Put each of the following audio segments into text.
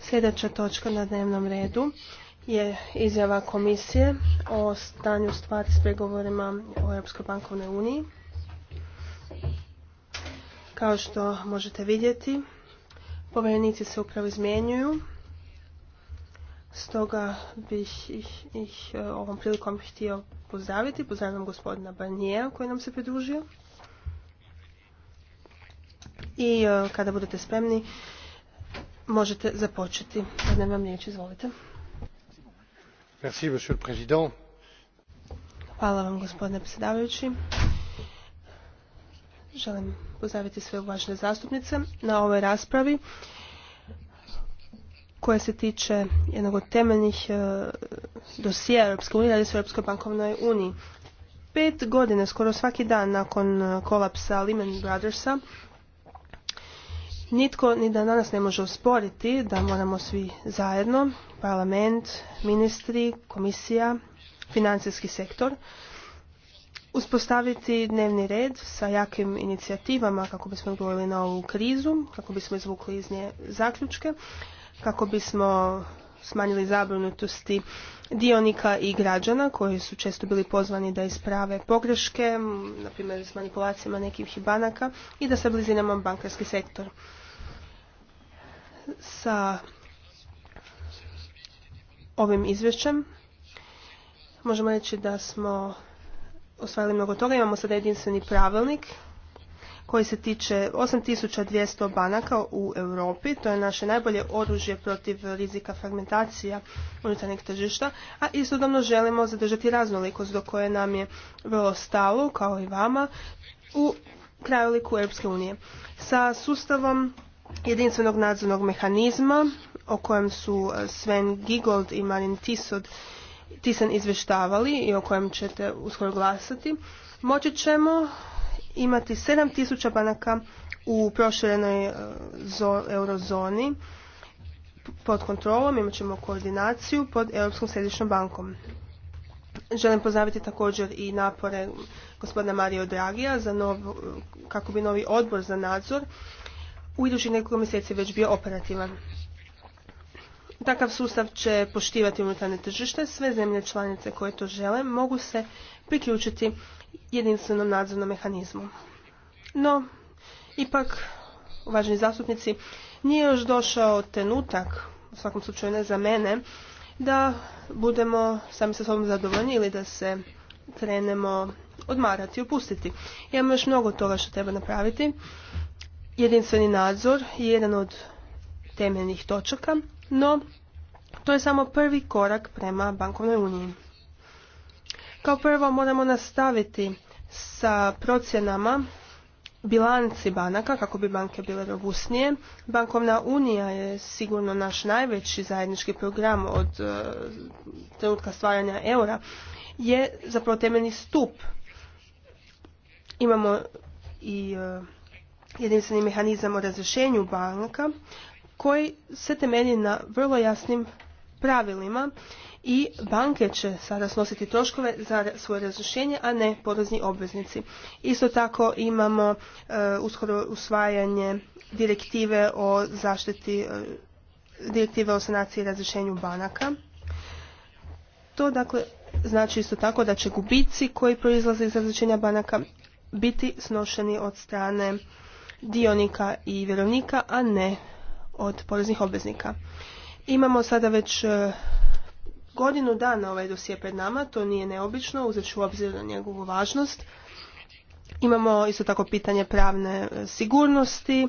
Sljedeća točka na dnevnom redu je izjava komisije o stanju stvari s pregovorima o Europskoj bankovnoj uniji. Kao što možete vidjeti, povjerenici se upravo izmjenjuju. Stoga bih ih, ih e, ovom prilikom htio pozdraviti. Pozdravljam gospodina Barnija koji nam se pridružio. I e, kada budete spremni, Možete započeti. Dajem vam riječ, izvolite. Hvala vam, gospodine predsjedavajući. Želim pozdraviti sve uvažene zastupnice na ovoj raspravi koja se tiče jednog od temeljnih e, dosija Europske unije, radi se o Europskoj bankovnoj uniji. Pet godina, skoro svaki dan nakon e, kolapsa Lehman Brothersa, Nitko ni da danas ne može osporiti da moramo svi zajedno, parlament, ministri, komisija, financijski sektor, uspostaviti dnevni red sa jakim inicijativama kako bismo odgovorili na ovu krizu, kako bismo izvukli iz nje zaključke, kako bismo smanjili zabrinutosti dionika i građana koji su često bili pozvani da isprave pogreške, na primjer s manipulacijama nekih banaka i da se blizinamo bankarski sektor sa ovim izvješćem. Možemo reći da smo osvajali mnogo toga. Imamo sada jedinstveni pravilnik koji se tiče 8200 banaka u Europi. To je naše najbolje oružje protiv rizika fragmentacija unutarnjeg tržišta, a istodobno želimo zadržati raznolikost do koje nam je vrlo stalo, kao i vama, u krajoliku Europske unije. Sa sustavom jedinstvenog nadzornog mehanizma o kojem su e, Sven Gigold i Marin Tisod, Tisan izvještavali i o kojem ćete uskoro glasati, moći ćemo imati 7000 banaka u proširenoj e, eurozoni pod kontrolom, imat ćemo koordinaciju pod Europskom središnjom bankom. Želim pozdraviti također i napore gospodina Mario Dragija za kako bi novi odbor za nadzor u idućih nekoliko mjeseci već bio operativan. Takav sustav će poštivati unutarnje tržište, sve zemlje članice koje to žele mogu se priključiti jedinstvenom nadzornom mehanizmu. No, ipak, uvaženi zastupnici, nije još došao trenutak, u svakom slučaju ne za mene, da budemo sami sa sobom zadovoljni ili da se krenemo odmarati i opustiti. Imamo još mnogo toga što treba napraviti jedinstveni nadzor je jedan od temeljnih točaka, no to je samo prvi korak prema bankovnoj uniji. Kao prvo moramo nastaviti sa procjenama bilanci banaka kako bi banke bile robustnije. Bankovna unija je sigurno naš najveći zajednički program od e, trenutka stvaranja eura je zapravo temeljni stup. Imamo i e, jedinstveni mehanizam o razrješenju banaka koji se temelji na vrlo jasnim pravilima i banke će sada snositi troškove za svoje razrješenje, a ne porezni obveznici. Isto tako imamo e, uskoro usvajanje direktive o zaštiti, e, direktive o sanaciji i razrješenju banaka. To dakle znači isto tako da će gubici koji proizlaze iz razrješenja banaka biti snošeni od strane dionika i vjerovnika, a ne od poreznih obveznika. Imamo sada već e, godinu dana ovaj dosije pred nama, to nije neobično, uzet ću u obzir na njegovu važnost. Imamo isto tako pitanje pravne e, sigurnosti e,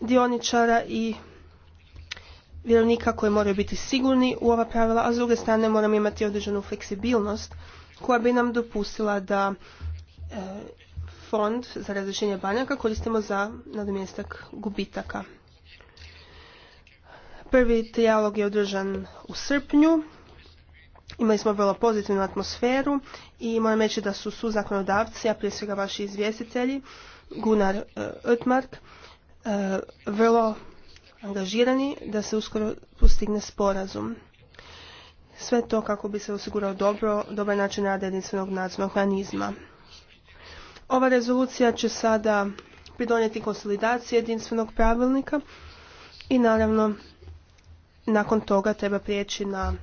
dioničara i vjerovnika koji moraju biti sigurni u ova pravila, a s druge strane moramo imati određenu fleksibilnost koja bi nam dopustila da fond za razrješenje banjaka koristimo za nadomjestak gubitaka. Prvi trijalog je održan u srpnju. Imali smo vrlo pozitivnu atmosferu i moram reći da su su zakonodavci, a prije svega vaši izvjestitelji, Gunnar Ötmark, eh, eh, vrlo angažirani da se uskoro postigne sporazum. Sve to kako bi se osigurao dobro, dobar način rada jedinstvenog nadzornog mehanizma. Ova rezolucija će sada pridonijeti konsolidaciji jedinstvenog pravilnika i naravno nakon toga treba prijeći na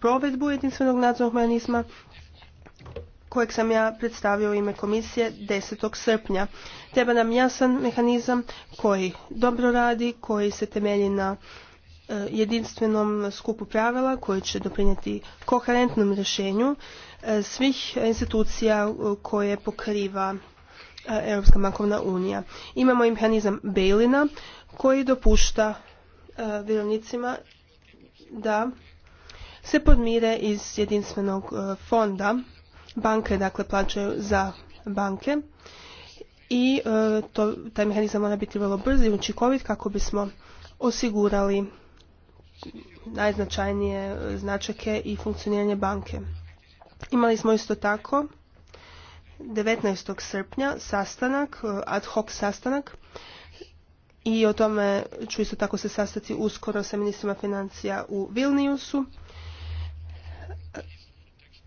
provedbu jedinstvenog nadzornog mehanizma kojeg sam ja predstavio u ime komisije 10. srpnja. Treba nam jasan mehanizam koji dobro radi, koji se temelji na e, jedinstvenom skupu pravila koji će doprinijeti koherentnom rješenju svih institucija uh, koje pokriva uh, Europska bankovna unija. Imamo i mehanizam Bejlina koji dopušta uh, vjerovnicima da se podmire iz jedinstvenog fonda. Banke dakle plaćaju za banke i to, taj mehanizam mora biti vrlo brz i učinkovit kako bismo osigurali najznačajnije značake i funkcioniranje banke. Imali smo isto tako 19. srpnja sastanak, eh, ad hoc sastanak i o tome ću isto tako se sastati uskoro sa ministrima financija u Vilniusu.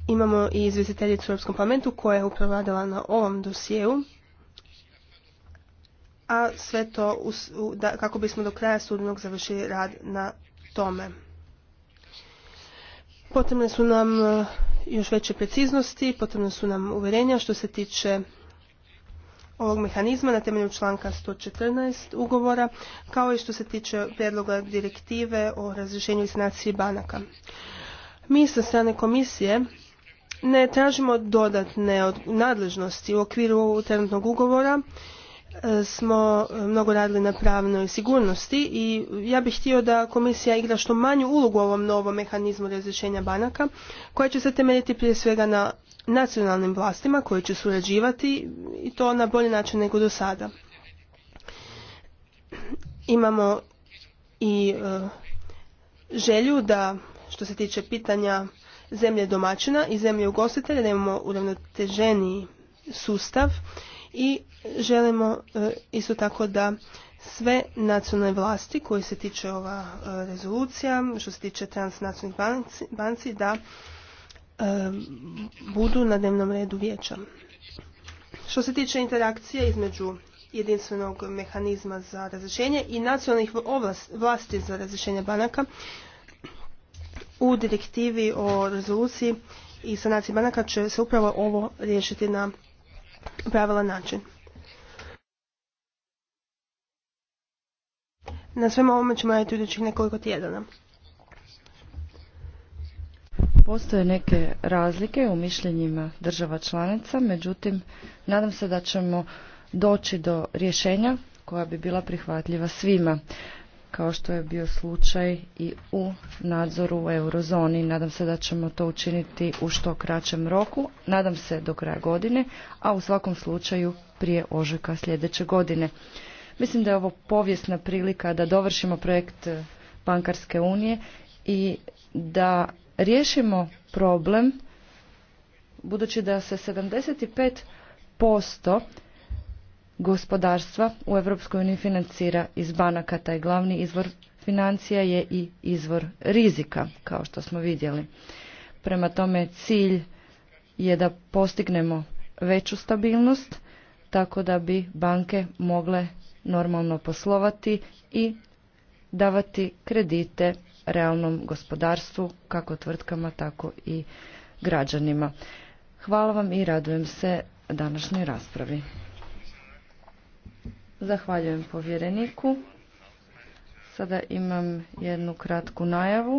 Imamo i izvjestiteljicu u Europskom parlamentu koja je upravljala na ovom dosjeu. A sve to kako bismo do kraja studenog završili rad na tome. Potrebne su nam eh, još veće preciznosti, potrebno su nam uverenja što se tiče ovog mehanizma na temelju članka 114 ugovora, kao i što se tiče predloga direktive o razrješenju i sanaciji banaka. Mi sa strane komisije ne tražimo dodatne nadležnosti u okviru trenutnog ugovora smo mnogo radili na pravnoj sigurnosti i ja bih htio da komisija igra što manju ulogu u ovom novom mehanizmu razrješenja banaka koja će se temeljiti prije svega na nacionalnim vlastima koje će surađivati i to na bolji način nego do sada. Imamo i e, želju da što se tiče pitanja zemlje domaćina i zemlje ugostitelja da imamo uravnoteženi sustav i želimo e, isto tako da sve nacionalne vlasti koji se tiče ova e, rezolucija, što se tiče transnacionalnih banci, da e, budu na dnevnom redu vijeća. Što se tiče interakcije između jedinstvenog mehanizma za razrješenje i nacionalnih vlasti za razrješenje banaka, u direktivi o rezoluciji i sanaciji banaka će se upravo ovo riješiti na pravilan način. Na svemu ovome ćemo raditi u idućih nekoliko tjedana. Postoje neke razlike u mišljenjima država članica, međutim, nadam se da ćemo doći do rješenja koja bi bila prihvatljiva svima kao što je bio slučaj i u nadzoru u eurozoni. Nadam se da ćemo to učiniti u što kraćem roku, nadam se do kraja godine, a u svakom slučaju prije ožujka sljedeće godine. Mislim da je ovo povijesna prilika da dovršimo projekt e, bankarske unije i da riješimo problem budući da se 75% gospodarstva u Europskoj uniji financira iz banaka. Taj glavni izvor financija je i izvor rizika, kao što smo vidjeli. Prema tome cilj je da postignemo veću stabilnost, tako da bi banke mogle normalno poslovati i davati kredite realnom gospodarstvu, kako tvrtkama, tako i građanima. Hvala vam i radujem se današnjoj raspravi. Zahvaljujem povjereniku. Sada imam jednu kratku najavu.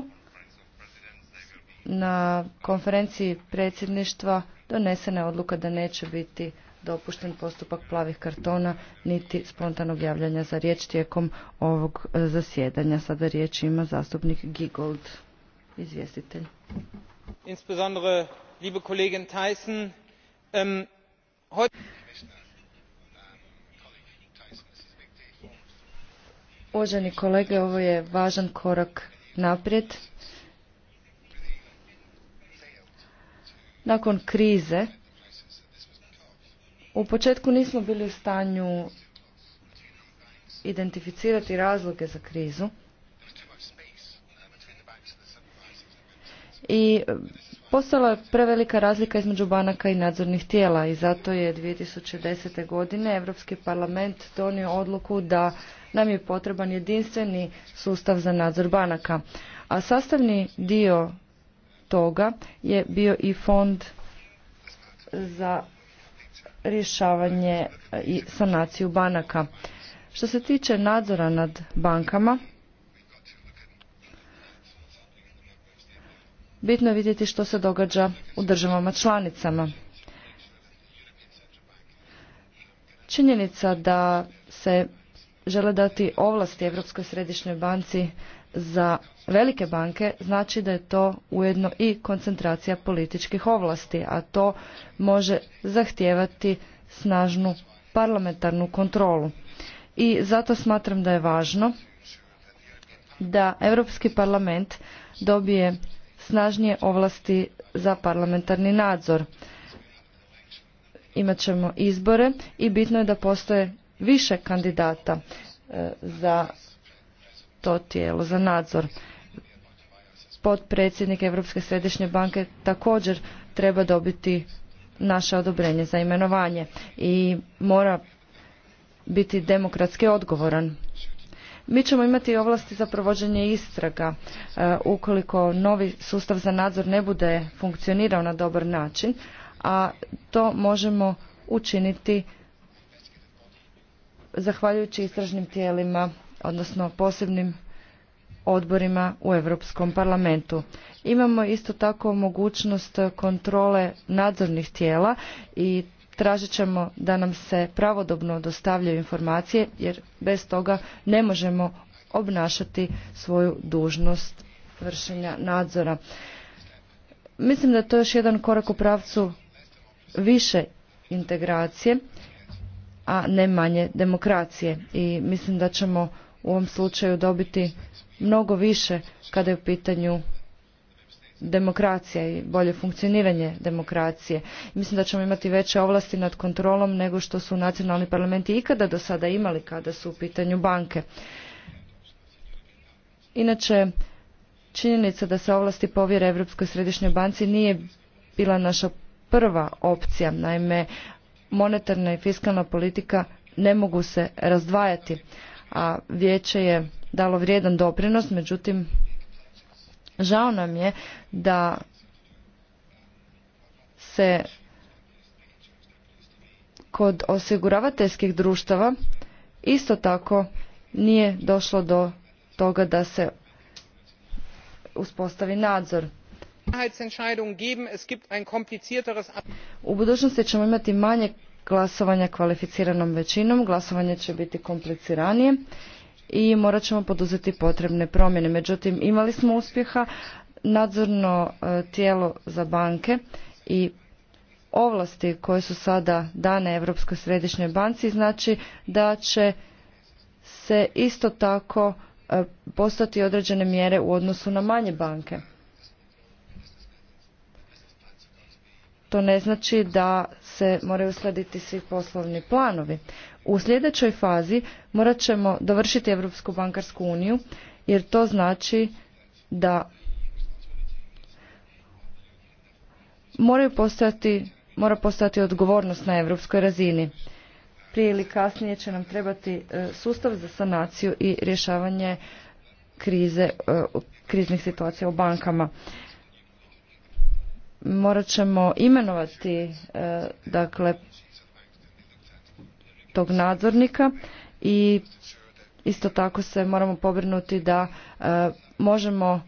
Na konferenciji predsjedništva donesena je odluka da neće biti dopušten postupak plavih kartona niti spontanog javljanja za riječ tijekom ovog e, zasjedanja. Sada riječ ima zastupnik Gigold, izvjestitelj. Insbesondere, liebe Tyson, ähm, Uvaženi kolege, ovo je važan korak naprijed. Nakon krize, u početku nismo bili u stanju identificirati razloge za krizu. I Postala je prevelika razlika između banaka i nadzornih tijela i zato je 2010. godine Europski parlament donio odluku da nam je potreban jedinstveni sustav za nadzor banaka. A sastavni dio toga je bio i fond za rješavanje i sanaciju banaka. Što se tiče nadzora nad bankama, bitno je vidjeti što se događa u državama članicama. Činjenica da se žele dati ovlasti Europskoj središnjoj banci za velike banke, znači da je to ujedno i koncentracija političkih ovlasti, a to može zahtijevati snažnu parlamentarnu kontrolu. I zato smatram da je važno da Europski parlament dobije snažnije ovlasti za parlamentarni nadzor. Imat ćemo izbore i bitno je da postoje više kandidata e, za to tijelo, za nadzor. Potpredsjednik Europske središnje banke također treba dobiti naše odobrenje za imenovanje i mora biti demokratski odgovoran. Mi ćemo imati ovlasti za provođenje istraga e, ukoliko novi sustav za nadzor ne bude funkcionirao na dobar način, a to možemo učiniti zahvaljujući istražnim tijelima, odnosno posebnim odborima u Europskom parlamentu. Imamo isto tako mogućnost kontrole nadzornih tijela i tražit ćemo da nam se pravodobno dostavljaju informacije jer bez toga ne možemo obnašati svoju dužnost vršenja nadzora. Mislim da je to još jedan korak u pravcu više integracije a ne manje demokracije i mislim da ćemo u ovom slučaju dobiti mnogo više kada je u pitanju demokracija i bolje funkcioniranje demokracije. Mislim da ćemo imati veće ovlasti nad kontrolom nego što su nacionalni parlamenti ikada do sada imali kada su u pitanju banke. Inače, činjenica da se ovlasti povjere Europskoj središnjoj banci nije bila naša prva opcija. Naime, monetarna i fiskalna politika ne mogu se razdvajati, a vijeće je dalo vrijedan doprinos, međutim žao nam je da se kod osiguravateljskih društava isto tako nije došlo do toga da se uspostavi nadzor. U budućnosti ćemo imati manje glasovanja kvalificiranom većinom, glasovanje će biti kompliciranije i morat ćemo poduzeti potrebne promjene. Međutim, imali smo uspjeha, nadzorno e, tijelo za banke i ovlasti koje su sada dane Europskoj središnjoj banci znači da će se isto tako e, postati određene mjere u odnosu na manje banke. to ne znači da se moraju uskladiti svi poslovni planovi. U sljedećoj fazi morat ćemo dovršiti Europsku bankarsku uniju jer to znači da mora postojati odgovornost na europskoj razini. Prije ili kasnije će nam trebati e, sustav za sanaciju i rješavanje e, kriznih situacija u bankama morat ćemo imenovati e, dakle tog nadzornika i isto tako se moramo pobrinuti da e, možemo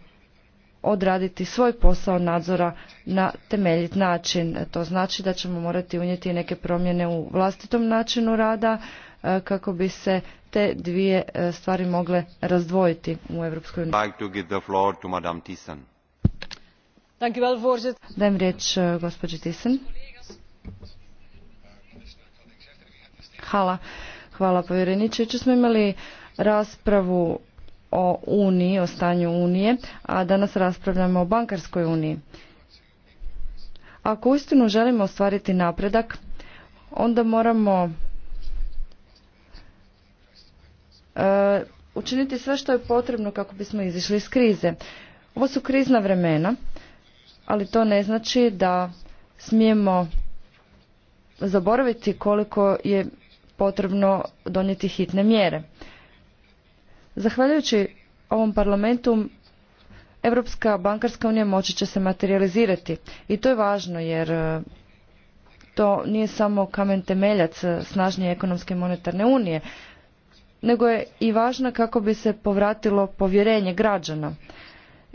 odraditi svoj posao nadzora na temeljit način. E, to znači da ćemo morati unijeti neke promjene u vlastitom načinu rada kako bi se te dvije stvari mogle razdvojiti u Europskoj uniji. Dajem riječ eh, gospođi Tisen. Hvala. Hvala povjereniče. Jučer smo imali raspravu o Uniji, o stanju Unije, a danas raspravljamo o bankarskoj Uniji. Ako uistinu želimo ostvariti napredak, onda moramo eh, učiniti sve što je potrebno kako bismo izišli iz krize. Ovo su krizna vremena ali to ne znači da smijemo zaboraviti koliko je potrebno donijeti hitne mjere. Zahvaljujući ovom parlamentu Europska bankarska unija moći će se materializirati i to je važno jer e, to nije samo kamen temeljac snažnije ekonomske monetarne unije, nego je i važno kako bi se povratilo povjerenje građana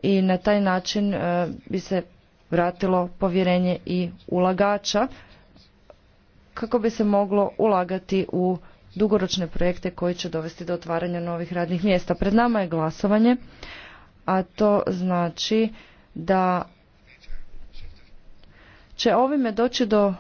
i na taj način e, bi se vratilo povjerenje i ulagača kako bi se moglo ulagati u dugoročne projekte koji će dovesti do otvaranja novih radnih mjesta. Pred nama je glasovanje, a to znači da će ovime doći do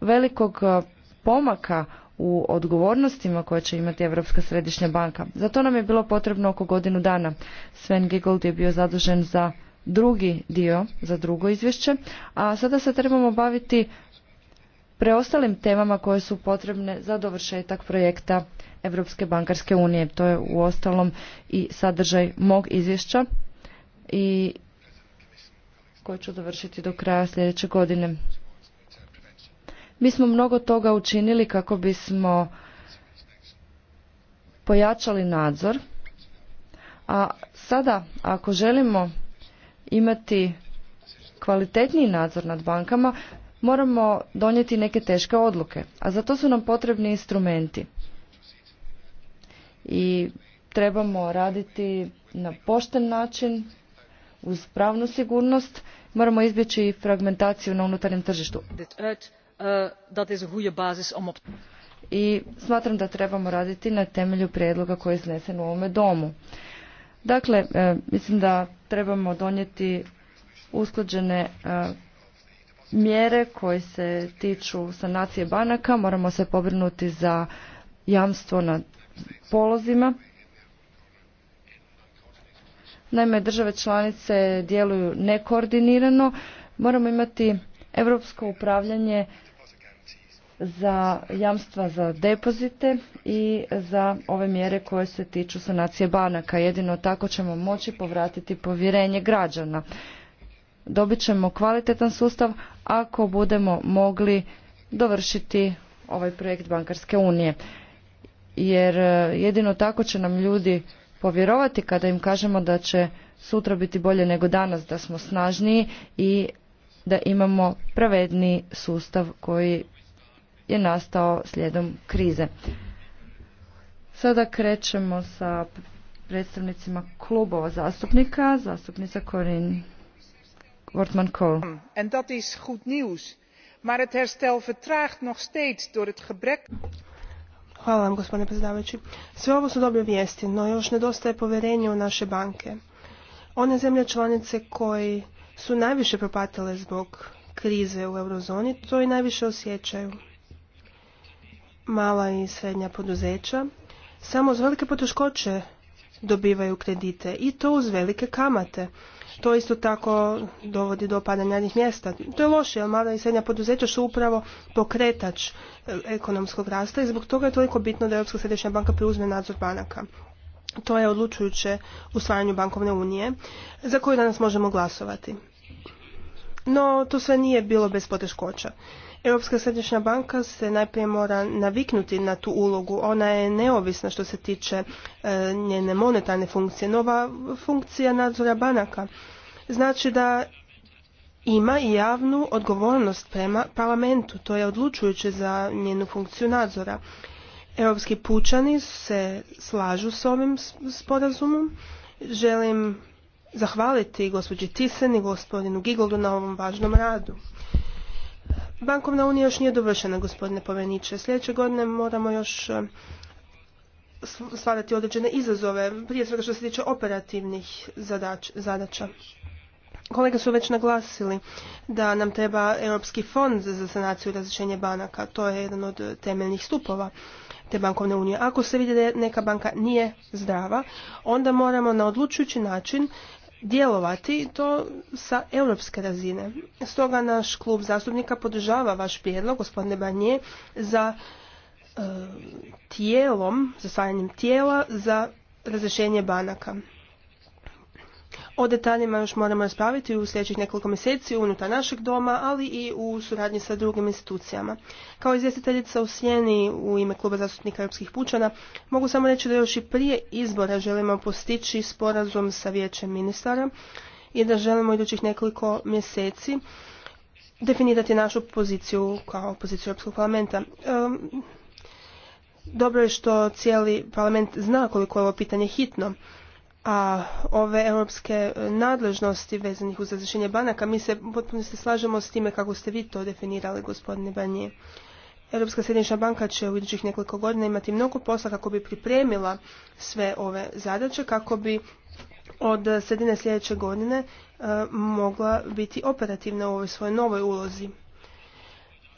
velikog e, pomaka u odgovornostima koje će imati Europska središnja banka. Za to nam je bilo potrebno oko godinu dana. Sven Giggold je bio zadužen za drugi dio za drugo izvješće, a sada se trebamo baviti preostalim temama koje su potrebne za dovršetak projekta Europske bankarske unije. To je u ostalom i sadržaj mog izvješća i koje ću dovršiti do kraja sljedeće godine. Mi smo mnogo toga učinili kako bismo pojačali nadzor, a sada ako želimo imati kvalitetniji nadzor nad bankama, moramo donijeti neke teške odluke, a za to su nam potrebni instrumenti. I trebamo raditi na pošten način, uz pravnu sigurnost, moramo izbjeći fragmentaciju na unutarnjem tržištu. Eh, I smatram da trebamo raditi na temelju prijedloga koji je iznesen u ovome domu. Dakle, e, mislim da trebamo donijeti usklađene e, mjere koje se tiču sanacije banaka, moramo se pobrinuti za jamstvo na polozima. Naime, države članice djeluju nekoordinirano. Moramo imati europsko upravljanje za jamstva za depozite i za ove mjere koje se tiču sanacije banaka. Jedino tako ćemo moći povratiti povjerenje građana. Dobit ćemo kvalitetan sustav ako budemo mogli dovršiti ovaj projekt Bankarske unije. Jer e, jedino tako će nam ljudi povjerovati kada im kažemo da će sutra biti bolje nego danas, da smo snažniji i da imamo pravedni sustav koji je nastao slijedom krize. Sada krećemo sa predstavnicima klubova zastupnika, zastupnica Corinne Wortman Kohl. En dat is goed nieuws, maar het herstel vertraagt nog steeds door het gebrek Hvala vam, gospodine predsjedavajući. Sve ovo su dobre vijesti, no još nedostaje povjerenje u naše banke. One zemlje članice koji su najviše propatile zbog krize u eurozoni, to i najviše osjećaju mala i srednja poduzeća samo uz velike poteškoće dobivaju kredite i to uz velike kamate. To isto tako dovodi do opadanja radnih mjesta. To je loše, jer mala i srednja poduzeća su upravo pokretač e, ekonomskog rasta i zbog toga je toliko bitno da Europska središnja banka preuzme nadzor banaka. To je odlučujuće u stvaranju bankovne unije, za koju danas možemo glasovati. No, to sve nije bilo bez poteškoća. Europska središnja banka se najprije mora naviknuti na tu ulogu. Ona je neovisna što se tiče e, njene monetarne funkcije. Nova funkcija nadzora banaka znači da ima i javnu odgovornost prema parlamentu. To je odlučujuće za njenu funkciju nadzora. Europski pučani se slažu s ovim sporazumom. Želim zahvaliti gospođi Tisen i gospodinu Gigoldu na ovom važnom radu. Bankovna unija još nije dovršena, gospodine poveniče. Sljedeće godine moramo još e, stvarati određene izazove, prije svega što se tiče operativnih zadač, zadaća. Kolege su već naglasili da nam treba Europski fond za sanaciju i različenje banaka. To je jedan od temeljnih stupova te bankovne unije. Ako se vidi da neka banka nije zdrava, onda moramo na odlučujući način djelovati to sa europske razine. Stoga naš klub zastupnika podržava vaš prijedlog, gospodine Banje, za e, tijelom, za tijela za razrješenje banaka. O detaljima još moramo raspraviti u sljedećih nekoliko mjeseci unutar našeg doma, ali i u suradnji sa drugim institucijama. Kao izvjestiteljica u Sjeni u ime Kluba zastupnika Europskih pučana mogu samo reći da još i prije izbora želimo postići sporazum sa vijećem ministara i da želimo idućih nekoliko mjeseci definirati našu poziciju kao poziciju Europskog parlamenta. dobro je što cijeli parlament zna koliko je ovo pitanje hitno a ove europske e, nadležnosti vezanih uz razrešenje banaka, mi se potpuno se slažemo s time kako ste vi to definirali, gospodine Banje. Europska središnja banka će u idućih nekoliko godina imati mnogo posla kako bi pripremila sve ove zadaće, kako bi od sredine sljedeće godine e, mogla biti operativna u ovoj svojoj novoj ulozi.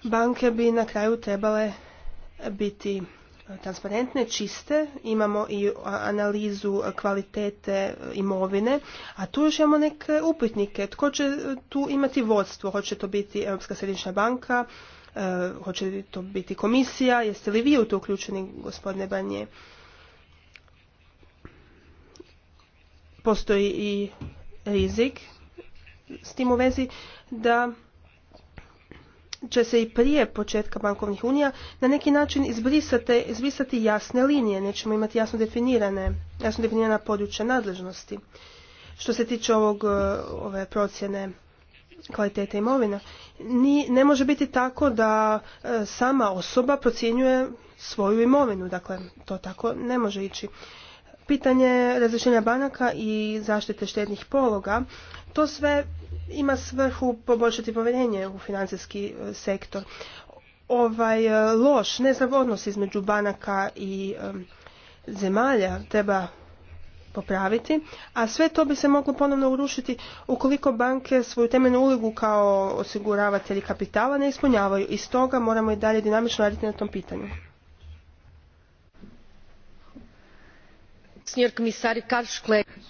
Banke bi na kraju trebale biti transparentne, čiste, imamo i analizu kvalitete imovine, a tu još imamo neke upitnike. Tko će e, tu imati vodstvo? Hoće to biti Europska središnja banka, e, hoće li to biti komisija, jeste li vi u to uključeni, gospodine Banje? Postoji i rizik s tim u vezi da će se i prije početka bankovnih unija na neki način izbrisati, izbrisati jasne linije, nećemo imati jasno definirane, jasno definirana područja nadležnosti. Što se tiče ovog, e, ove procjene kvalitete imovina, ni, ne može biti tako da e, sama osoba procjenjuje svoju imovinu, dakle to tako ne može ići. Pitanje razrešenja banaka i zaštite štednih pologa to sve ima svrhu poboljšati povjerenje u financijski e, sektor. Ovaj e, loš, nezdrav odnos između banaka i e, zemalja treba popraviti, a sve to bi se moglo ponovno urušiti ukoliko banke svoju temeljnu ulogu kao osiguravatelji kapitala ne ispunjavaju i stoga moramo i dalje dinamično raditi na tom pitanju.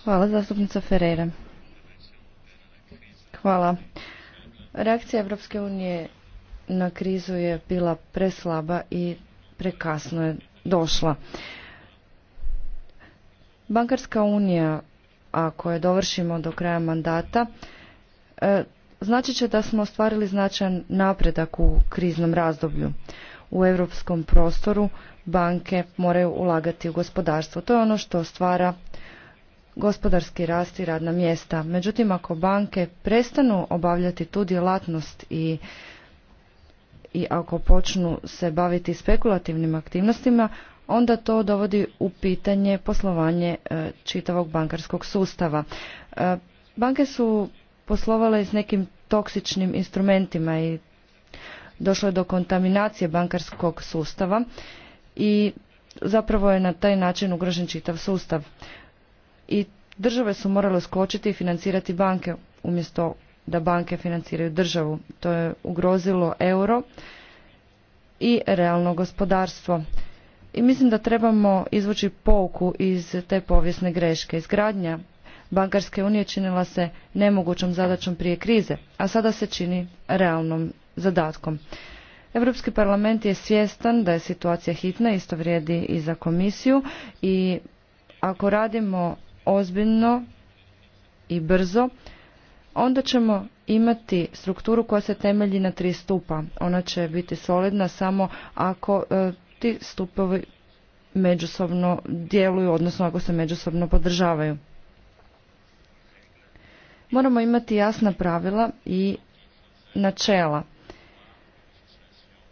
Hvala zastupnica Ferreira. Hvala. Reakcija Europske unije na krizu je bila preslaba i prekasno je došla. Bankarska unija, ako je dovršimo do kraja mandata, e, znači će da smo ostvarili značajan napredak u kriznom razdoblju. U europskom prostoru banke moraju ulagati u gospodarstvo. To je ono što stvara gospodarski rast i radna mjesta. Međutim, ako banke prestanu obavljati tu djelatnost i i ako počnu se baviti spekulativnim aktivnostima, onda to dovodi u pitanje poslovanje e, čitavog bankarskog sustava. E, banke su poslovale s nekim toksičnim instrumentima i došlo je do kontaminacije bankarskog sustava i zapravo je na taj način ugrožen čitav sustav i države su morale skočiti i financirati banke umjesto da banke financiraju državu. To je ugrozilo euro i realno gospodarstvo. I mislim da trebamo izvući pouku iz te povijesne greške. Izgradnja bankarske unije činila se nemogućom zadaćom prije krize, a sada se čini realnom zadatkom. Europski parlament je svjestan da je situacija hitna, isto vrijedi i za komisiju i ako radimo ozbiljno i brzo, onda ćemo imati strukturu koja se temelji na tri stupa. Ona će biti solidna samo ako e, ti stupovi međusobno djeluju, odnosno ako se međusobno podržavaju. Moramo imati jasna pravila i načela.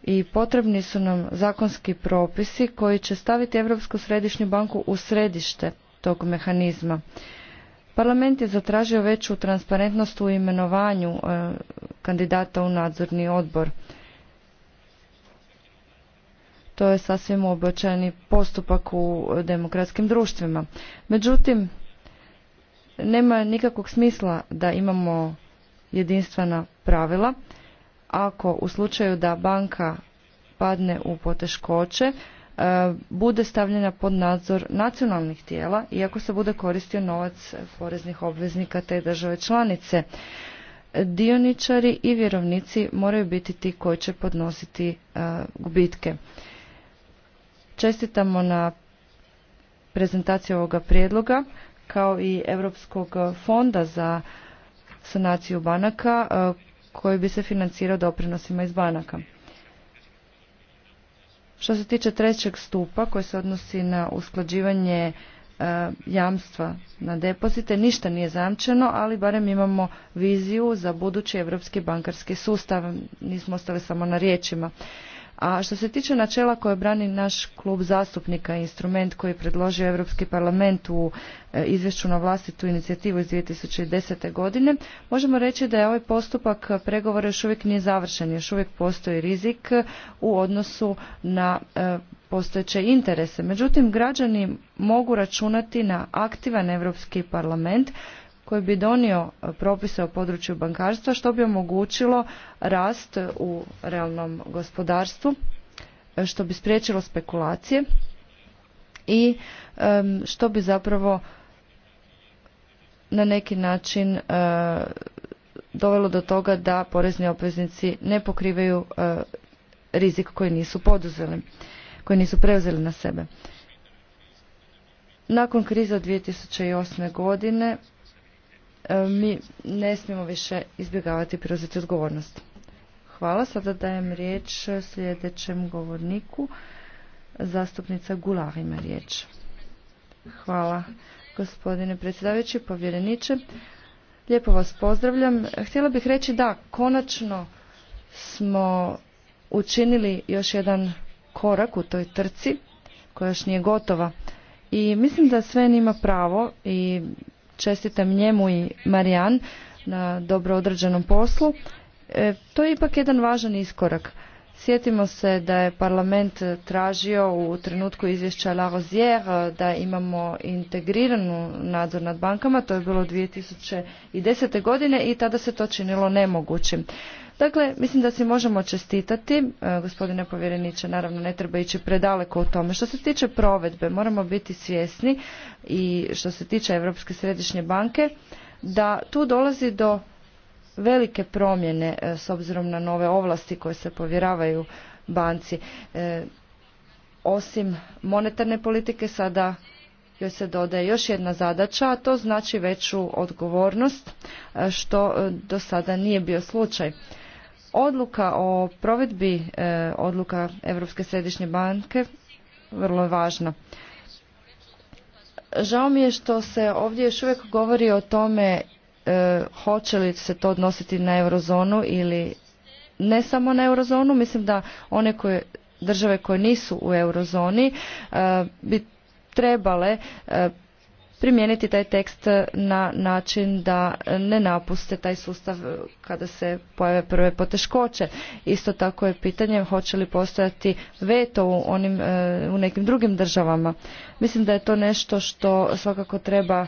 I potrebni su nam zakonski propisi koji će staviti Europsku središnju banku u središte tog mehanizma. Parlament je zatražio veću transparentnost u imenovanju e, kandidata u nadzorni odbor. To je sasvim uobičajeni postupak u demokratskim društvima. Međutim, nema nikakvog smisla da imamo jedinstvena pravila ako u slučaju da banka padne u poteškoće, E, bude stavljena pod nadzor nacionalnih tijela iako se bude koristio novac poreznih obveznika te države članice. Dioničari i vjerovnici moraju biti ti koji će podnositi e, gubitke. Čestitamo na prezentaciju ovoga prijedloga kao i Europskog fonda za sanaciju banaka e, koji bi se financirao doprinosima iz banaka. Što se tiče trećeg stupa koji se odnosi na usklađivanje e, jamstva na depozite, ništa nije zamčeno, ali barem imamo viziju za budući europski bankarski sustav, nismo ostali samo na riječima. A što se tiče načela koje brani naš klub zastupnika, instrument koji je predložio Europski parlament u e, izvješću na vlastitu inicijativu iz 2010. godine, možemo reći da je ovaj postupak pregovora još uvijek nije završen, još uvijek postoji rizik u odnosu na e, postojeće interese. Međutim, građani mogu računati na aktivan Europski parlament koji bi donio e, propise o području bankarstva što bi omogućilo rast u realnom gospodarstvu, e, što bi spriječilo spekulacije i što bi zapravo na neki način e, dovelo do toga da porezni obveznici ne pokrivaju rizik koji nisu poduzeli, koji nisu preuzeli na sebe. Nakon kriza 2008. godine E, mi ne smijemo više izbjegavati preuzeti odgovornost. Hvala. Sada dajem riječ sljedećem govorniku. Zastupnica Gular ima riječ. Hvala gospodine predsjedavajući, povjereniče. Lijepo vas pozdravljam. Htjela bih reći da konačno smo učinili još jedan korak u toj trci koja još nije gotova. I mislim da sve nima pravo i čestitam njemu i Marijan na dobro odrađenom poslu. E, to je ipak jedan važan iskorak. Sjetimo se da je parlament tražio u trenutku izvješća La Rosière eh, da imamo integriranu nadzor nad bankama, to je bilo 2010. godine i tada se to činilo nemogućim. Dakle, mislim da si možemo čestitati, eh, gospodine povjereniče, naravno ne treba ići predaleko u tome. Što se tiče provedbe, moramo biti svjesni i što se tiče Europske središnje banke, da tu dolazi do velike promjene e, s obzirom na nove ovlasti koje se povjeravaju banci. E, osim monetarne politike sada joj se dodaje još jedna zadaća, a to znači veću odgovornost, e, što do sada nije bio slučaj. Odluka o provedbi odluka Europske središnje banke vrlo je važna. Žao mi je što se ovdje još uvijek govori o tome E, hoće li se to odnositi na eurozonu ili ne samo na eurozonu, mislim da one koje države koje nisu u eurozoni e, bi trebale e, primijeniti taj tekst na način da ne napuste taj sustav kada se pojave prve poteškoće. Isto tako je pitanje hoće li postojati veto u, onim, u nekim drugim državama. Mislim da je to nešto što svakako treba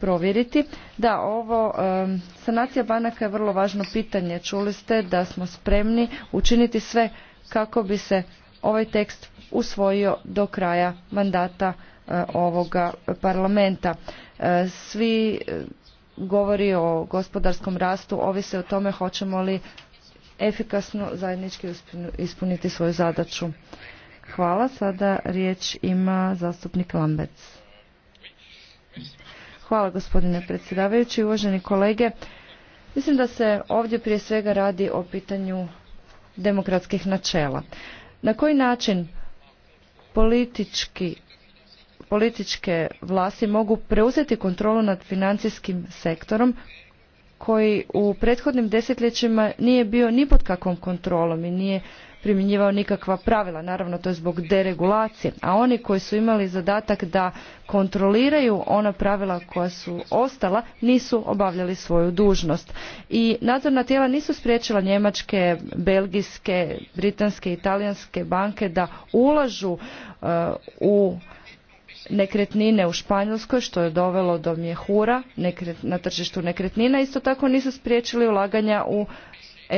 provjeriti. Da, ovo sanacija banaka je vrlo važno pitanje. Čuli ste da smo spremni učiniti sve kako bi se ovaj tekst usvojio do kraja mandata e, ovoga parlamenta. E, svi e, govori o gospodarskom rastu, ovise o tome hoćemo li efikasno zajednički ispuniti svoju zadaću. Hvala. Sada riječ ima zastupnik Lambec. Hvala gospodine predsjedavajući, uvaženi kolege. Mislim da se ovdje prije svega radi o pitanju demokratskih načela. Na koji način politički političke vlasti mogu preuzeti kontrolu nad financijskim sektorom koji u prethodnim desetljećima nije bio ni pod kakvom kontrolom i nije primjenjivao nikakva pravila. Naravno, to je zbog deregulacije. A oni koji su imali zadatak da kontroliraju ona pravila koja su ostala, nisu obavljali svoju dužnost. I nadzorna tijela nisu spriječila njemačke, belgijske, britanske, italijanske banke da ulažu uh, u nekretnine u Španjolskoj što je dovelo do mjehura na tržištu nekretnina isto tako nisu spriječili ulaganja u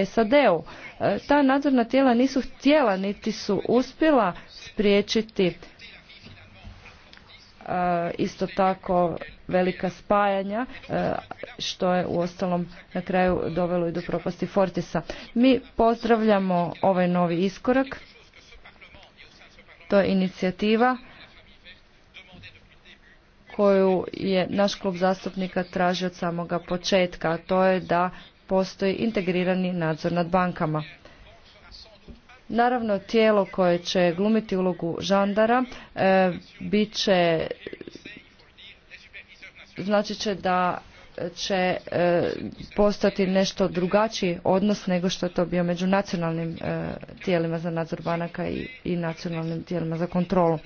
SAD-u E, ta nadzorna tijela nisu htjela niti su uspjela spriječiti e, isto tako velika spajanja e, što je u ostalom na kraju dovelo i do propasti Fortisa. Mi pozdravljamo ovaj novi iskorak. To je inicijativa koju je naš klub zastupnika tražio od samoga početka, a to je da postoji integrirani nadzor nad bankama. Naravno, tijelo koje će glumiti ulogu žandara e, bit će, znači će da će e, postati nešto drugačiji odnos nego što je to bio među nacionalnim e, tijelima za nadzor banaka i, i nacionalnim tijelima za kontrolu.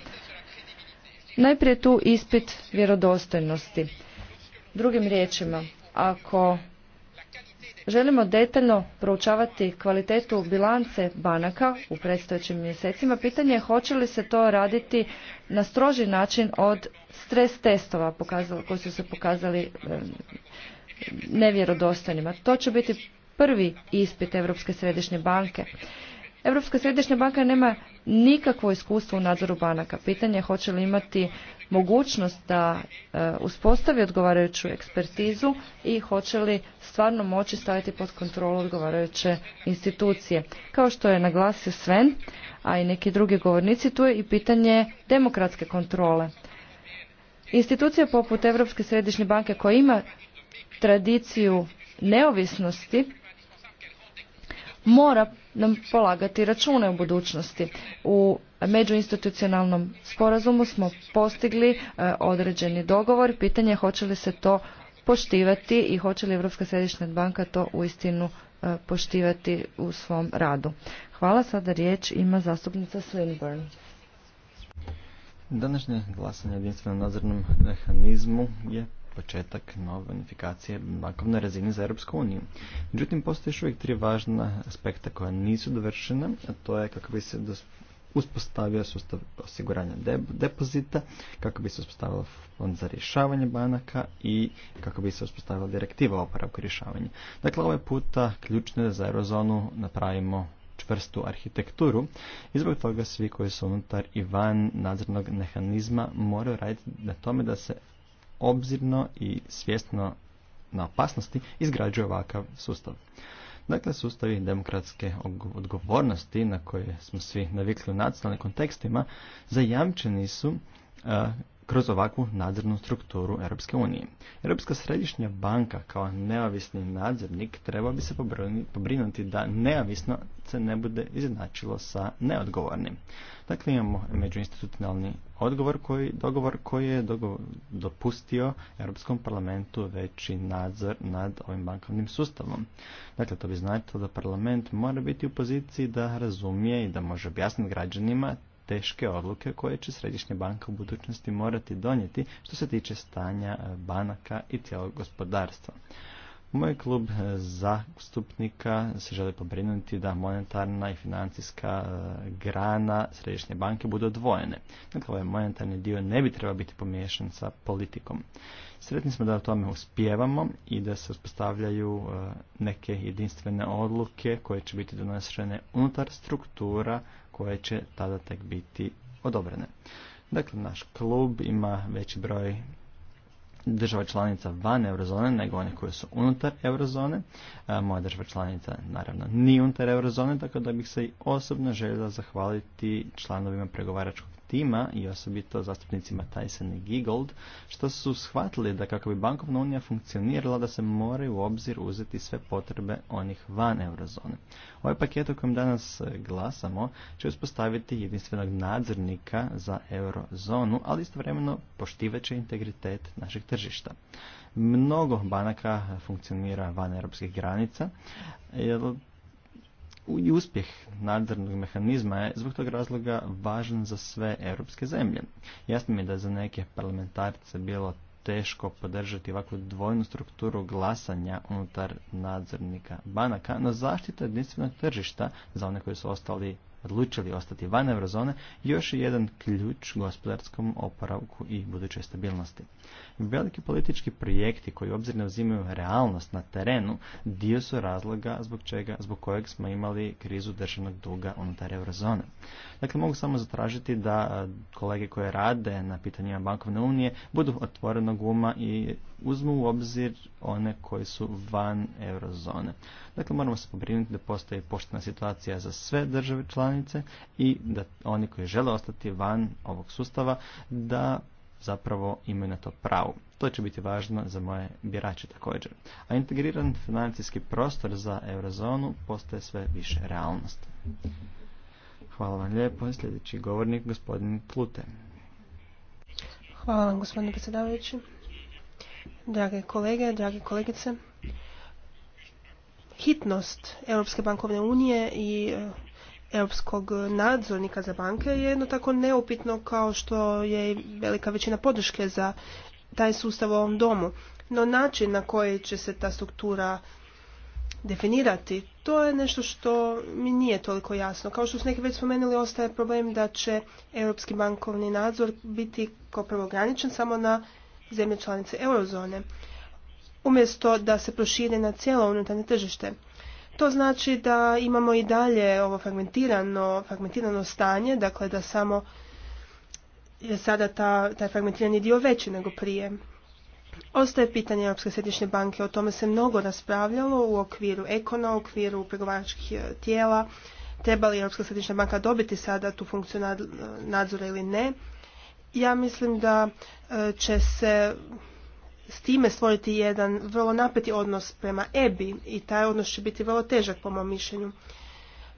Najprije tu ispit vjerodostojnosti. Drugim riječima, ako Želimo detaljno proučavati kvalitetu bilance banaka u predstojećim mjesecima. Pitanje je hoće li se to raditi na stroži način od stres testova koji su se pokazali nevjerodostojnima. To će biti prvi ispit Europske središnje banke. Europska središnja banka nema nikakvo iskustvo u nadzoru banaka. Pitanje je hoće li imati mogućnost da e, uspostavi odgovarajuću ekspertizu i hoće li stvarno moći staviti pod kontrolu odgovarajuće institucije. Kao što je naglasio Sven, a i neki drugi govornici, tu je i pitanje demokratske kontrole. Institucija poput Europske središnje banke koja ima tradiciju neovisnosti mora nam polagati račune u budućnosti. U međuinstitucionalnom sporazumu smo postigli e, određeni dogovor. Pitanje je hoće li se to poštivati i hoće li Europska središnja banka to uistinu e, poštivati u svom radu. Hvala, sada riječ ima zastupnica Swinburne. Današnje glasanje o jedinstvenom nadzornom mehanizmu je početak nove unifikacije bankovne razine za Europsku uniju. Međutim, postoje još uvijek tri važna aspekta koja nisu dovršena, a to je kako bi se uspostavio sustav osiguranja depozita, kako bi se uspostavio fond za rješavanje banaka i kako bi se uspostavila direktiva o oporavku rješavanja. Dakle, ovaj puta ključno je da za eurozonu napravimo čvrstu arhitekturu i zbog toga svi koji su unutar i van nadzornog mehanizma moraju raditi na tome da se obzirno i svjesno na opasnosti izgrađuje ovakav sustav. Dakle, sustavi demokratske odgovornosti na koje smo svi navikli u nacionalnim kontekstima zajamčeni su kroz ovakvu nadzornu strukturu Europske unije. Europska središnja banka kao neovisni nadzornik treba bi se pobrinuti da neovisno se ne bude izjednačilo sa neodgovornim. Dakle, imamo međuinstitucionalni odgovor koji, dogovor koji je dopustio Europskom parlamentu veći nadzor nad ovim bankovnim sustavom. Dakle, to bi značilo da parlament mora biti u poziciji da razumije i da može objasniti građanima teške odluke koje će Središnja banka u budućnosti morati donijeti što se tiče stanja e, banaka i cijelog gospodarstva. Moj klub e, zastupnika se želi pobrinuti da monetarna i financijska e, grana središnje banke budu odvojene. Dakle, ovaj monetarni dio ne bi trebao biti pomiješan sa politikom. Sretni smo da o tome uspijevamo i da se uspostavljaju neke jedinstvene odluke koje će biti donosene unutar struktura koje će tada tek biti odobrene. Dakle, naš klub ima veći broj država članica van eurozone nego one koje su unutar eurozone. Moja država članica naravno nije unutar eurozone, tako da bih se i osobno željela zahvaliti članovima pregovaračkog tima i osobito zastupnicima Tyson i Giggold, što su shvatili da kako bi bankovna unija funkcionirala da se moraju u obzir uzeti sve potrebe onih van eurozone. Ovaj paket o kojem danas e, glasamo će uspostaviti jedinstvenog nadzornika za eurozonu, ali istovremeno poštiveće integritet našeg tržišta. Mnogo banaka funkcionira van europskih granica, jer i uspjeh nadzornog mehanizma je zbog tog razloga važan za sve europske zemlje. Jasno mi je da je za neke parlamentarce bilo teško podržati ovakvu dvojnu strukturu glasanja unutar nadzornika banaka, no zaštita jedinstvenog tržišta za one koji su ostali odlučili ostati van eurozone još jedan ključ gospodarskom oporavku i budućoj stabilnosti. Veliki politički projekti koji obzir uzimaju realnost na terenu dio su razloga zbog čega, zbog kojeg smo imali krizu državnog duga unutar eurozone. Dakle, mogu samo zatražiti da e, kolege koje rade na pitanjima bankovne unije budu otvorenog uma i uzmu u obzir one koji su van eurozone. Dakle, moramo se pobrinuti da postoji poštena situacija za sve države članice i da oni koji žele ostati van ovog sustava, da zapravo imaju na to pravo. To će biti važno za moje birače također. A integriran financijski prostor za eurozonu postaje sve više realnost. Hvala vam lijepo. Sljedeći govornik, gospodin Plute. Hvala vam, gospodine predsjedavajući. Drage kolege, drage kolegice hitnost Europske bankovne unije i eh, europskog nadzornika za banke je jedno tako neupitno kao što je i velika većina podrške za taj sustav u ovom domu. No način na koji će se ta struktura definirati, to je nešto što mi nije toliko jasno. Kao što su neki već spomenuli, ostaje problem da će europski bankovni nadzor biti kao prvo ograničen samo na zemlje članice eurozone umjesto da se prošire na cijelo unutarnje tržište. To znači da imamo i dalje ovo fragmentirano, fragmentirano stanje, dakle da samo je sada ta, taj fragmentirani dio veći nego prije. Ostaje pitanje Europske središnje banke, o tome se mnogo raspravljalo u okviru ekona, u okviru pregovaračkih e, tijela, treba li Europska središnja banka dobiti sada tu funkciju nadzora ili ne. Ja mislim da e, će se s time stvoriti jedan vrlo napeti odnos prema EBI i taj odnos će biti vrlo težak po mom mišljenju.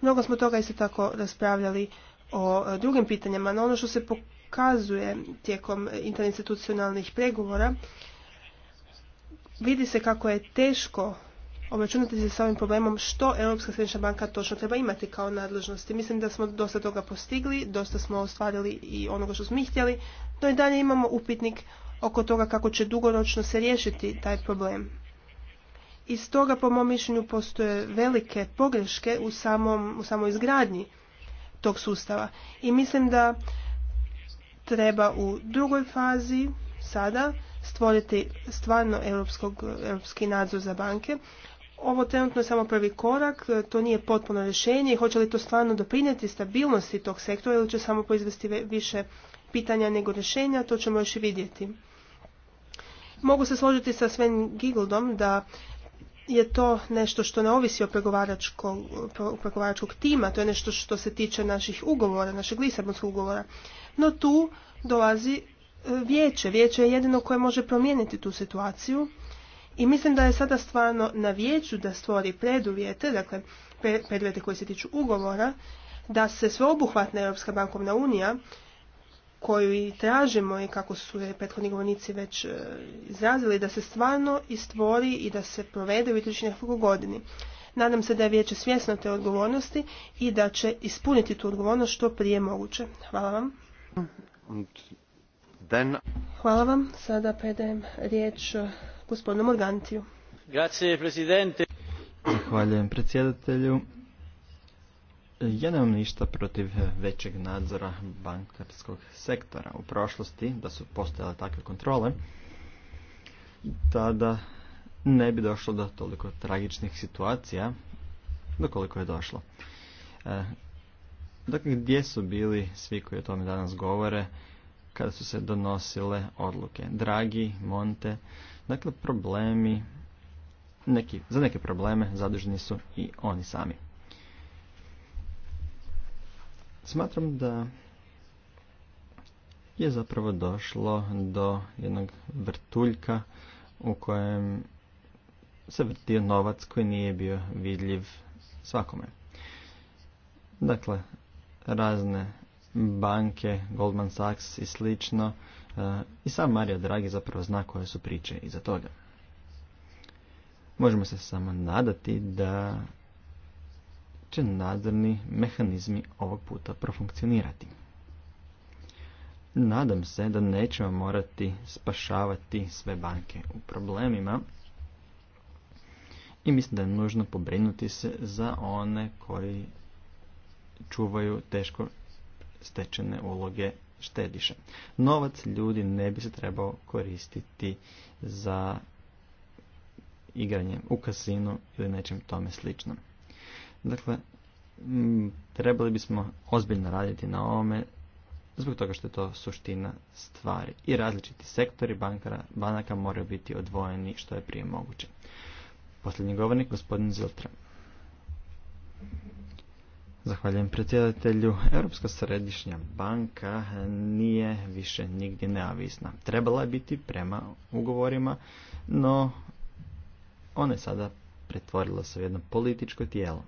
Mnogo smo toga isto tako raspravljali o e, drugim pitanjama, no ono što se pokazuje tijekom interinstitucionalnih pregovora vidi se kako je teško obračunati se s ovim problemom što Europska središnja banka točno treba imati kao nadležnosti. Mislim da smo dosta toga postigli, dosta smo ostvarili i onoga što smo ih htjeli, no i dalje imamo upitnik oko toga kako će dugoročno se riješiti taj problem. I toga, po mom mišljenju postoje velike pogreške u, samom, u samoj izgradnji tog sustava. I mislim da treba u drugoj fazi sada stvoriti stvarno europskog, europski nadzor za banke. Ovo trenutno je samo prvi korak, to nije potpuno rješenje i hoće li to stvarno doprinijeti stabilnosti tog sektora ili će samo poizvesti više pitanja nego rješenja, to ćemo još i vidjeti. Mogu se složiti sa Sven Gigoldom da je to nešto što ne ovisi o pregovaračkog, pregovaračkog tima, to je nešto što se tiče naših ugovora, našeg Lisabonskog ugovora. No tu dolazi e, vijeće. Vijeće je jedino koje može promijeniti tu situaciju i mislim da je sada stvarno na vijeću da stvori preduvjete, dakle preduvjete koji se tiču ugovora, da se sveobuhvatna Europska bankovna unija koju i tražimo i kako su je prethodni govornici već e, izrazili, da se stvarno istvori i da se provede u idućih nekoliko godini. Nadam se da je vijeće svjesno te odgovornosti i da će ispuniti tu odgovornost što prije moguće. Hvala vam. Hvala vam. Sada predajem riječ e, gospodinu Morgantiju. Grazie, presidente. Zahvaljujem predsjedatelju. Ja nemam ništa protiv većeg nadzora bankarskog sektora. U prošlosti, da su postojale takve kontrole, tada ne bi došlo do toliko tragičnih situacija dokoliko je došlo. E, dakle, gdje su bili svi koji o tome danas govore kada su se donosile odluke? Dragi, Monte, dakle problemi, za neke probleme zaduženi su i oni sami. Smatram da je zapravo došlo do jednog vrtuljka u kojem se vrtio novac koji nije bio vidljiv svakome. Dakle, razne banke, Goldman Sachs i slično, e, i sam Mario Draghi zapravo zna koje su priče iza toga. Možemo se samo nadati da će nadzorni mehanizmi ovog puta profunkcionirati. Nadam se da nećemo morati spašavati sve banke u problemima i mislim da je nužno pobrinuti se za one koji čuvaju teško stečene uloge štediše. Novac ljudi ne bi se trebao koristiti za igranje u kasinu ili nečem tome sličnom. Dakle, trebali bismo ozbiljno raditi na ovome zbog toga što je to suština stvari. I različiti sektori bankara, banaka moraju biti odvojeni što je prije moguće. Posljednji govornik, gospodin Ziltra. Zahvaljujem predsjedatelju. Europska središnja banka nije više nigdje neavisna. Trebala je biti prema ugovorima, no ona je sada pretvorila se u jedno političko tijelo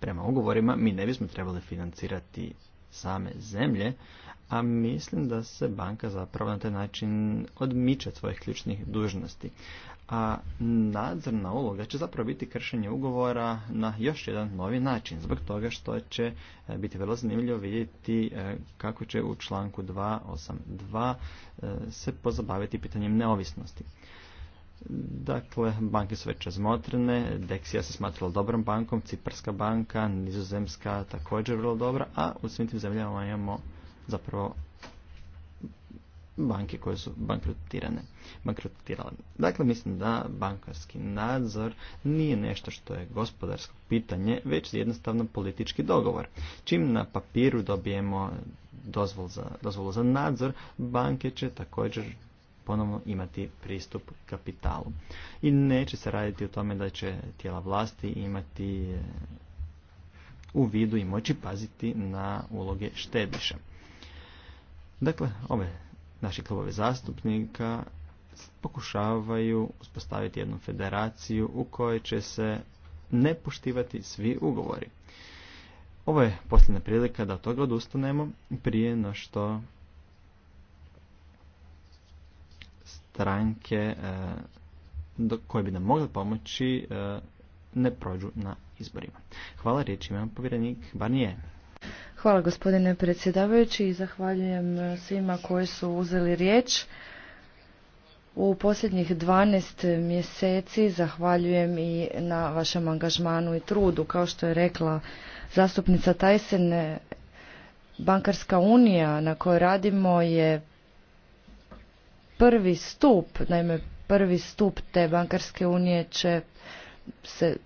prema ugovorima mi ne bismo trebali financirati same zemlje, a mislim da se banka zapravo na taj način odmiče od svojih ključnih dužnosti. A nadzorna uloga će zapravo biti kršenje ugovora na još jedan novi način, zbog toga što će e, biti vrlo zanimljivo vidjeti e, kako će u članku 282 e, se pozabaviti pitanjem neovisnosti. Dakle, banke su već razmotrene, Dexia se smatrala dobrom bankom, Ciparska banka, Nizozemska također vrlo dobra, a u svim tim zemljama imamo zapravo banke koje su bankrotirane. bankrotirale. Dakle, mislim da bankarski nadzor nije nešto što je gospodarsko pitanje, već jednostavno politički dogovor. Čim na papiru dobijemo dozvolu za, dozvolu za nadzor, banke će također ponovno imati pristup kapitalu. I neće se raditi o tome da će tijela vlasti imati u vidu i moći paziti na uloge štediša. Dakle, ove naši klubove zastupnika pokušavaju uspostaviti jednu federaciju u kojoj će se ne poštivati svi ugovori. Ovo je posljedna prilika da od toga odustanemo prije na što stranke e, koje bi nam mogle pomoći e, ne prođu na izborima. Hvala riječ ima povjerenik Barnije. Hvala gospodine predsjedavajući i zahvaljujem svima koji su uzeli riječ. U posljednjih 12 mjeseci zahvaljujem i na vašem angažmanu i trudu. Kao što je rekla zastupnica Tajsen, Bankarska unija na kojoj radimo je prvi stup, naime prvi stup te bankarske unije će se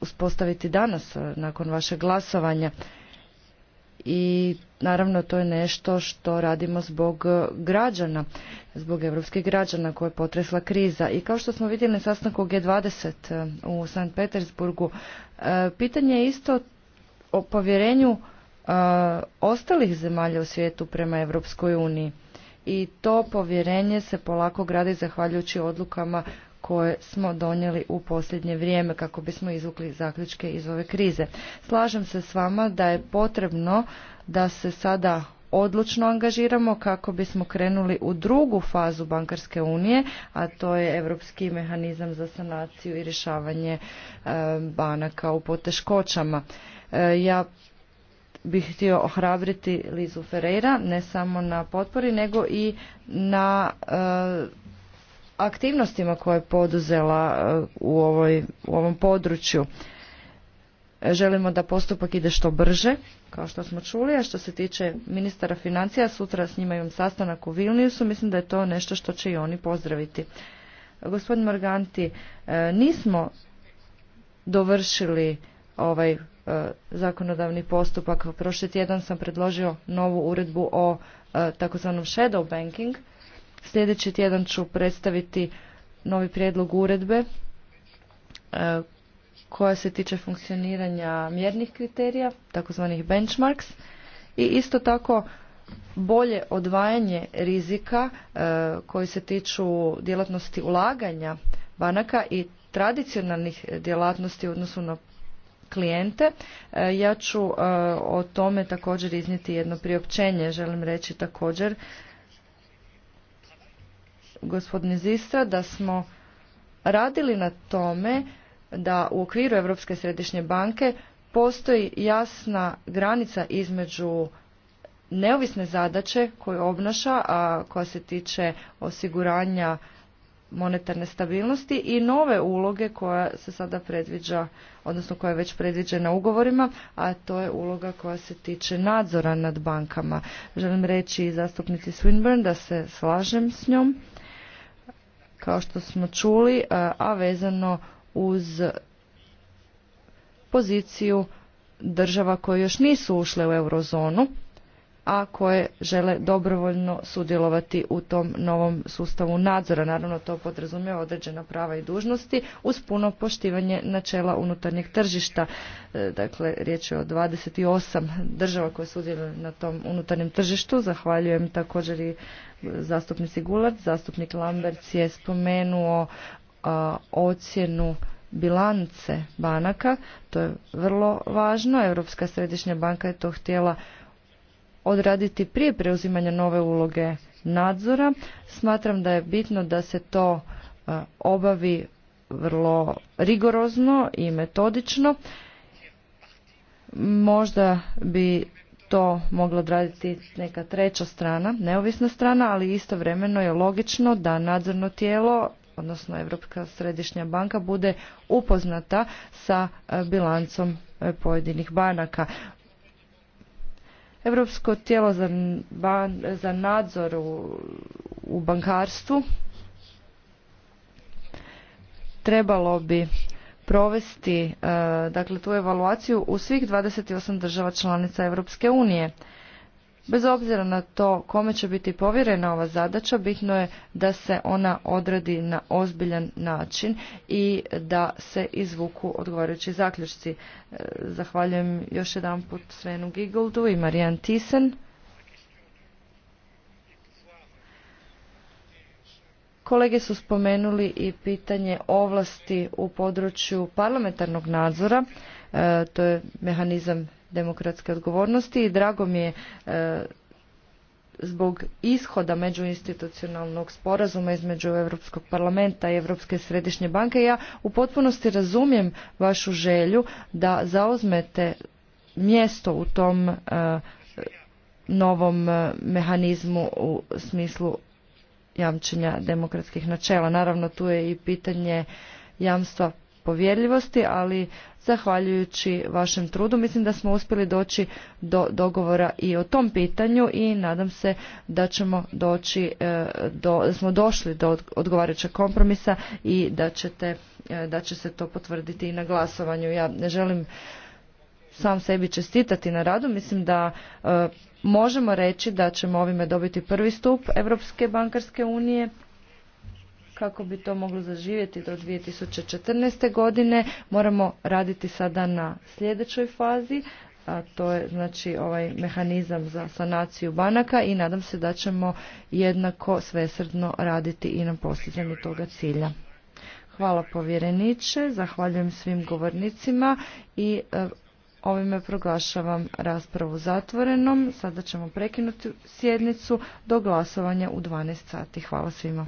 uspostaviti danas eh, nakon vašeg glasovanja. I naravno to je nešto što radimo zbog eh, građana, zbog evropskih građana koje je potresla kriza. I kao što smo vidjeli na sastanku G20 eh, u St. Petersburgu, pitanje je isto o povjerenju ostalih zemalja u svijetu prema Evropskoj uniji i to povjerenje se polako gradi zahvaljujući odlukama koje smo donijeli u posljednje vrijeme kako bismo izvukli zaključke iz ove krize. Slažem se s vama da je potrebno da se sada odlučno angažiramo kako bismo krenuli u drugu fazu bankarske unije, a to je europski mehanizam za sanaciju i rješavanje e, banaka u poteškoćama. E, ja bih htio ohrabriti Lizu Ferreira ne samo na potpori nego i na eh, aktivnostima koje je poduzela eh, u, ovoj, u ovom području. Želimo da postupak ide što brže, kao što smo čuli, a što se tiče ministara financija, sutra s njima imam sastanak u Vilniusu, mislim da je to nešto što će i oni pozdraviti. Gospodin Morganti, eh, nismo dovršili ovaj E, zakonodavni postupak. Prošli tjedan sam predložio novu uredbu o e, takozvanom shadow banking. Sljedeći tjedan ću predstaviti novi prijedlog uredbe e, koja se tiče funkcioniranja mjernih kriterija, takozvanih benchmarks i isto tako bolje odvajanje rizika koji se tiču djelatnosti ulaganja banaka i tradicionalnih djelatnosti u odnosu na klijente. E, ja ću e, o tome također iznijeti jedno priopćenje. Želim reći također gospodine Zistra da smo radili na tome da u okviru Europske središnje banke postoji jasna granica između neovisne zadaće koju obnaša, a koja se tiče osiguranja monetarne stabilnosti i nove uloge koja se sada predviđa, odnosno koja je već predviđena ugovorima, a to je uloga koja se tiče nadzora nad bankama. Želim reći i zastupnici Swinburne da se slažem s njom, kao što smo čuli, e, a vezano uz poziciju država koje još nisu ušle u eurozonu a koje žele dobrovoljno sudjelovati u tom novom sustavu nadzora. Naravno to podrazumijeva određena prava i dužnosti uz puno poštivanje načela unutarnjeg tržišta. E, dakle, riječ je o 28 država koje sudjeluju na tom unutarnjem tržištu. Zahvaljujem također i zastupnici Gulard. Zastupnik Lambert je spomenuo a, ocjenu bilance banaka. To je vrlo važno. Europska središnja banka je to htjela odraditi prije preuzimanja nove uloge nadzora. Smatram da je bitno da se to e, obavi vrlo rigorozno i metodično. Možda bi to mogla odraditi neka treća strana, neovisna strana, ali istovremeno je logično da nadzorno tijelo, odnosno Europska središnja banka, bude upoznata sa e, bilancom e, pojedinih banaka. Europsko tijelo za, za nadzor u, bankarstvu trebalo bi provesti e, dakle tu evaluaciju u svih 28 država članica Europske unije. Bez obzira na to kome će biti povjerena ova zadaća, bitno je da se ona odradi na ozbiljan način i da se izvuku odgovarajući zaključci. E, zahvaljujem još jedan put Svenu Gigoldu i Marijan Tisen. Kolege su spomenuli i pitanje ovlasti u području parlamentarnog nadzora, e, to je mehanizam demokratske odgovornosti i drago mi je e, zbog ishoda međuinstitucionalnog sporazuma između Europskog parlamenta i Europske središnje banke. Ja u potpunosti razumijem vašu želju da zauzmete mjesto u tom e, novom e, mehanizmu u smislu jamčenja demokratskih načela. Naravno tu je i pitanje jamstva povjerljivosti, ali zahvaljujući vašem trudu mislim da smo uspjeli doći do dogovora i o tom pitanju i nadam se da ćemo doći e, do, da smo došli do odgovarajućeg kompromisa i da, ćete, e, da će se to potvrditi i na glasovanju. Ja ne želim sam sebi čestitati na radu. Mislim da e, možemo reći da ćemo ovime dobiti prvi stup Europske bankarske unije kako bi to moglo zaživjeti do 2014. godine moramo raditi sada na sljedećoj fazi a to je znači ovaj mehanizam za sanaciju banaka i nadam se da ćemo jednako svesrdno raditi i na postizanju toga cilja. Hvala povjereniče, zahvaljujem svim govornicima i e, ovime proglašavam raspravu zatvorenom. Sada ćemo prekinuti sjednicu do glasovanja u 12 sati. Hvala svima.